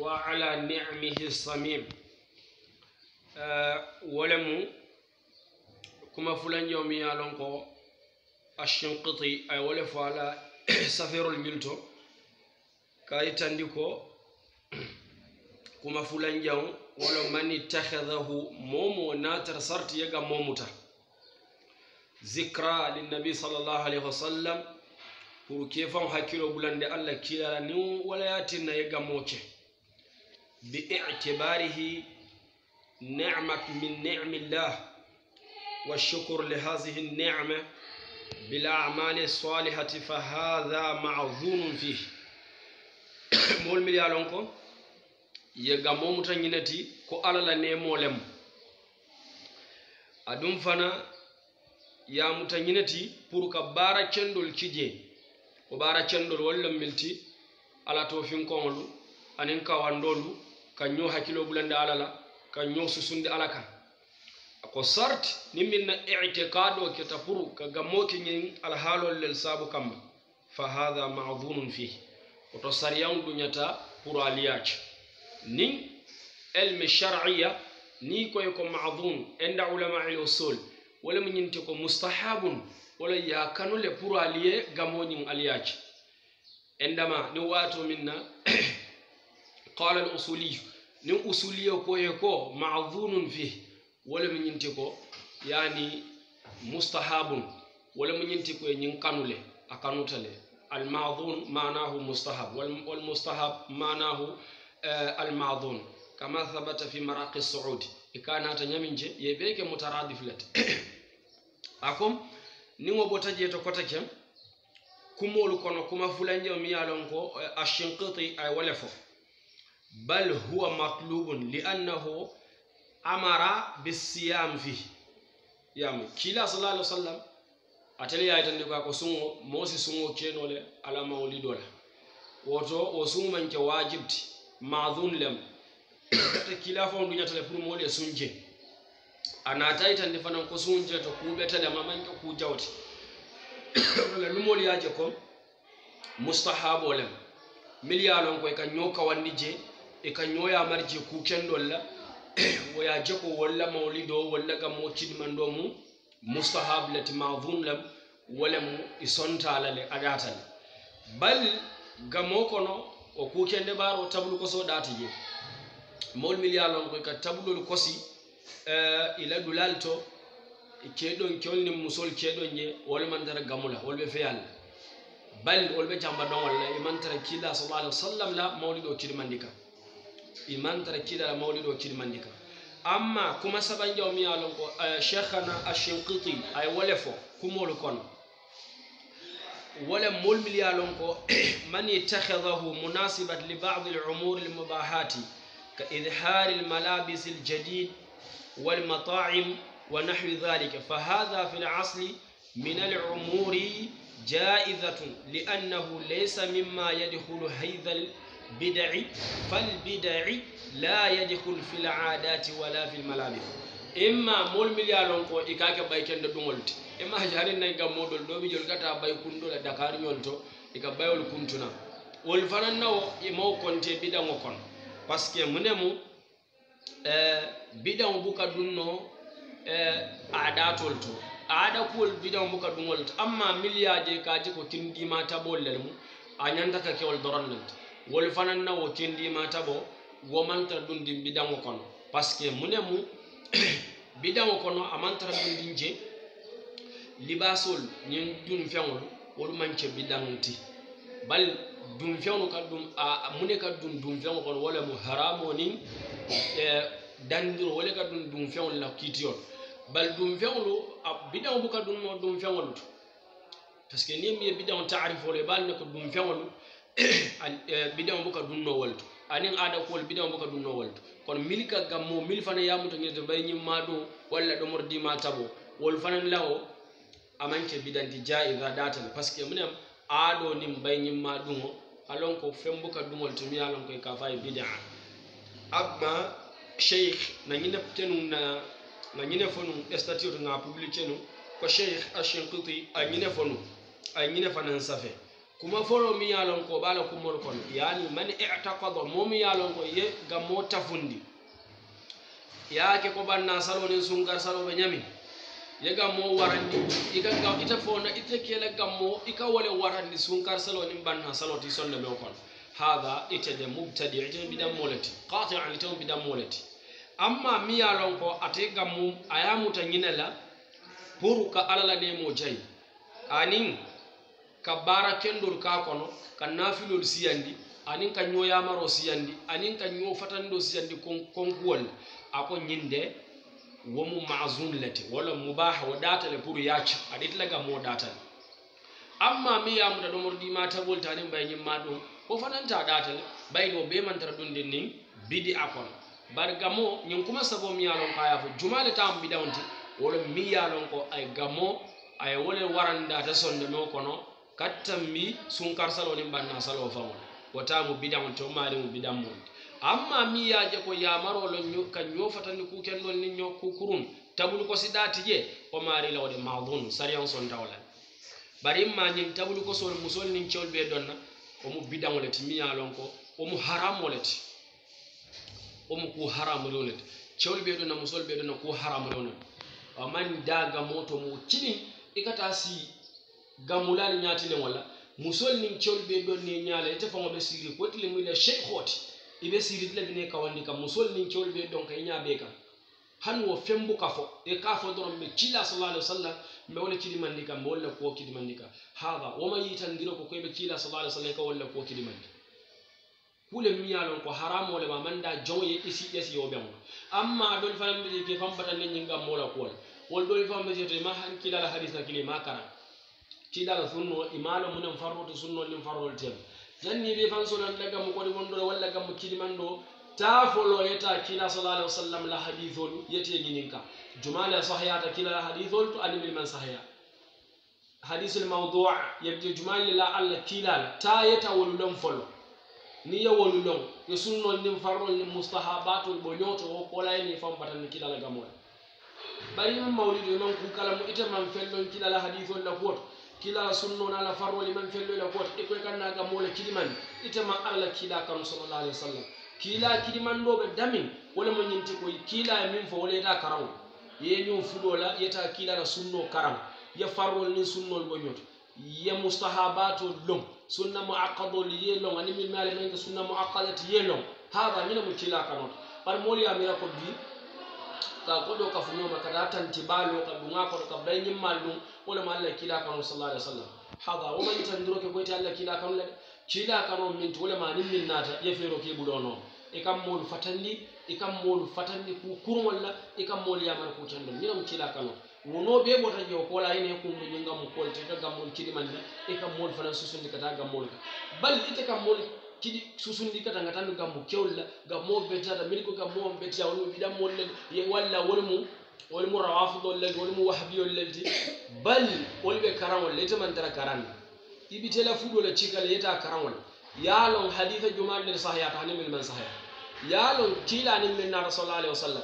wa ala nimihi samim eh, wolemu kuma fulanjomi yalon ko ashinkiti ay wole fo ala safirol milto kayi tandi ko kuma fulanjaw wolo man ittahadahu momo natar sarti yega momuta zicra linnabi salllah alayhi wa sallam pour ke fan hakkilo bulande allah kilara ni walayatinna yega moke biitibarihi nemata min nemillah washukur li hadihi nema bilamali salihati fa hada mazunum fihi molmiyalon ko yega momuta ñinati ko ala la nemolem adum fana yamuta ñinati pour ka bara cendol cije ko bara cendol wallam milti ala to finkoŋolu anin kawandolu kanño hakkilo bulande ala la kanño susunde ala kan ko sarti ni min na itiqado ke tapuru ka gammoke ñin alhaalol lel saabu kamma fa hada madunum fihi oto sariyaŋ duñata pour aliyaje nin elme charia ni koye ko madun enda ulama ilo sol wala mu ñinte ko mustahabun wala yakanole pour alie gamoñin aliyaje endama ni waato min na qala al usuliyu nin usuliyo koye ko ma'dhunun fih wala min yinti ko yani mustahabun wala min yinti ko nyin kanule akanuta al ma'dhun ma'nahu mustahab wal mustahab ma'nahu al ma'dhun kama thabata fi maraqi saudi ikana ta nyaminje yebeke mutaradif let akom niŋo bota jee to kota kem kono kuma mi ko ay bal huwa matlubun liannahu amara bisiyam fihi yam kila sallah alih wa sallam atel yaytandi ka ko sungo moosi sungo kenole ala mawlidola woto o sungo manke wajibti madun lem ate kila fo nduñatale pour mooɗi e sunje a natayi tandi fanan ko sunje to kuɓetelema manke ku jawti ole lumol yaje kom mustahabo lem milyanon koye kan ñokawandi je ikanyoya marje kuken dolla waya jako walla mawlido walla gammocin mando mu mustahab lati ma'dhum lam wala mu isontala le agatal bal gamo kono o kukende baro tablu ko so dati je mol miliyalon ko ka tablu tablul kosi uh, ila dulalto keɗon kelni musol keɗon ye wol dara gamula wolɓe feyalla bal wolɓe jamba ɗon walla imantara kila sallallahu alaihi wasallam la maulido kiɗimandi imantara kidala mawlido kidmandi ka amma kuma sabanjaw mi yalon ko eh, cheikhana ashinkiti ay wole fo kumolu kon wole molmil yalon ko man yettahadahu munasibat li badi lumuri lmubahati ka idhari lmalabis aljadid walmataim wa nahwi dhalika fa hadha fi lasli min alumuri jaizatun li annahu laysa mima yadkhulu haidha bidai falbidai la yadhul fi ladati wala fi lmalamih imma mol milia lon ko i kake bay kende ɗumolti imma jarinnayi gammoɗol ɗomijol gata bay kundola e dakar yonto ika bayol kuntuna wol fananawo imawo konte biɗao kon par ce que munemu e, biɗao buka ɗumno e, aɗatol to aɗa kuwol biɗao buka ɗumol to amma milliaje kaji ko kindima taɓol lel mu a ñantaka kewol doronnelta wol fanan na wo kendimata bo womanta ɗum ndin ɓidanŋo kono par ce que mune mu ɓidanŋo kono a mantara ɗum ndin je libasol ñin dum feŋol wol mance ɓidanti bal dum feŋol ka ɗum a mune ka ɗum dum feŋol kono wole mu haramonin e, dandiro wole ka ɗum dum feŋol la kitiyol bal dum feŋol ɓidanŋo bo ka ɗum o dum feŋol par ce que ni mbiye ɓidanŋo taarifole ɓalne ko dum feŋol Eh, bidon boka dunno woltu anin aada kuwol bidon boka dunno woltu kono milka gam mo mil fana yamuto gilto mbayñimma ɗo walla ɗomor dima taɓo wol fana lawo amanke bidanti jaiga ɗatan par ce que minen aɗo nin mbayñimma ɗumo alon ko fembuka dumol to miya lon koye ka fayi bida a amma cheikh nañine tenu na na ñine fonu statut to nga publicé nu ko cheikh ashinkuti a ñine fonu a ñine fanan safe kuma foro mi yalonko ɓala kummol kon yani man itaqada momi yalonko ye gam mo tafundi yaake ko banna saloni sungar saloɓe ñamin ye gam mo warandi ikaga ita fona ita kele gam mo ika wole warandi sunkar saloni banna saloti sonne ɓe kon haga itede mubtadi ite biɗan moleti qatian ite biɗan moleti amma mi yalonko ate gam mum ayamuta ñinela pour ka alalane mo jayi anin ka baara kendol kaa kono ka naafilol siyandi anin ka ñoo yamaro siyandi anin ka ñoo fatanido siyandi konkuwol ni a ko ñinde womu masun lete walla mubaha wo datale pour yacca aɗitlaga mo datale amma mi yamuda ɗomor ɗima tagol tanin mbay ñimma ɗum ko fananta datale mbayno ɓemantara ɗumde nin bidi a kono bar gamo ñin kuma sago mi yalon ko ayafo jumale tamo mbiɗawnti wolla mi yalon ko ay gamo ay wolen waran data sonde no kono kattanmi sunkar saloni banna salo famol wata mo bidaŋo to maari mo bidanmondi amma mi yaje ko yamarolo ka ñofatani kukennon ni ño kukurun tabulu ko si ɗati je o maari lawde mahdun sariyan son tawla bari imma ñin tabulu ko sol musol nin cewol ɓe donna omo bidaŋoleti mi yalon ko omo haramoleti omo ku haramrewnet cewol ɓe ɗonna musol ɓe ɗonna ku haramrewnet amani daga moto mo cini ikata sii gamulal ñaatile wala musol nin cewol ɓe ɗon ne ñaala ite faŋo ɓe siri kotile muyla chey hooti iɓe siritila bine kawandi kam musol nin cewol be don kay e ñaaɓe kam han wo fembu ka fo e ka fo doron ɓe cila sallah alih w sallam mbe wole kidimandi kam mbe wolle kuwo kidimandi kam mayi tan yitandiro ko koyeɓe cila sallah alih w sallam ka ko kuwo mandi kule miyalon ko haramole ma manda jonye isi isi ƴesi yoɓengo amma ɗon fam be ke fambatan ne ñinga mola kuwol wol ɗol famɓe seto ma han la hadis na kile ma karan tiiɗaga sunno imaalo munen farrote sunnol ɗin farrol tem janni ɓe fan sonan ɗagammo kodi wonɗore walla gammo kiliman ɗo ta folo yeta kila sala alah wa sallam la hadiseol yetee ginin ka jumale a sahya ta kila la hadiseol to animel man sahya hadiseul maudoa yebde jumale la allah kiilal ta yeta wolu lon folo ni ye wolu lon yo sunnol ndin farrol ndin mustahabatol bo ñooto o kolayni fambatan ni kilala gamol bari man mawlido man kuukala mo ite man fellon kilala hadiseol la kuwoto kila sunnona ala farro liman fellola koota i koye kannaga moola kilimani itema allah kiila kano salallah alih wa sallam kiila kiliman ɗoɓe damin wole mo ñinti koy kiila min fo wole yeta karam yeño fuɗola yeta kiilala sunno karam ye farrol nin sunnol bo ñoto ye mustahabato lom sunna mo aqadol ye long ani min mi ala mayke sunna mo aqadati ye long haga mina mo kiila kanota par moolu yamira ko bi ka koɗo ka funoma kada tanti baalo ka ɗuga koɗo ka bay ñimmal ɗum wolema allah kiila kano sal llah alih wa sallam haga womani tandiroke koyte allah kiila kano lede kiila kano minti wolema nin min naata yefeero ke ɓuɗo noon e kam moolu fatandi e kam moolu fatandi ku kurmolla e kam moolu yamata kutandon minam kiila kano wono ɓe ɓota jeo kola hene kumɗo ñingam kolteka gammol kiɗimandi e kam moolu fanan susundi kata gammol ka bal ite kam moolu tiɗi susundi kata nga tanu gammo kewlla gammo betata min ko gammo on betta wonmo ɓiɗan mollel walla wonmo wonmo rawafugol lagi wonmo wahabiyol lagdi bal wonɓe karaŋol letemantara karan iɓitela fuɗola e cikala e yeta karaŋol yaalon haditha jumaɗu nder sahayata hanimin men sahaya yaalon kiilanimmen na rasulallah alahi wa sallam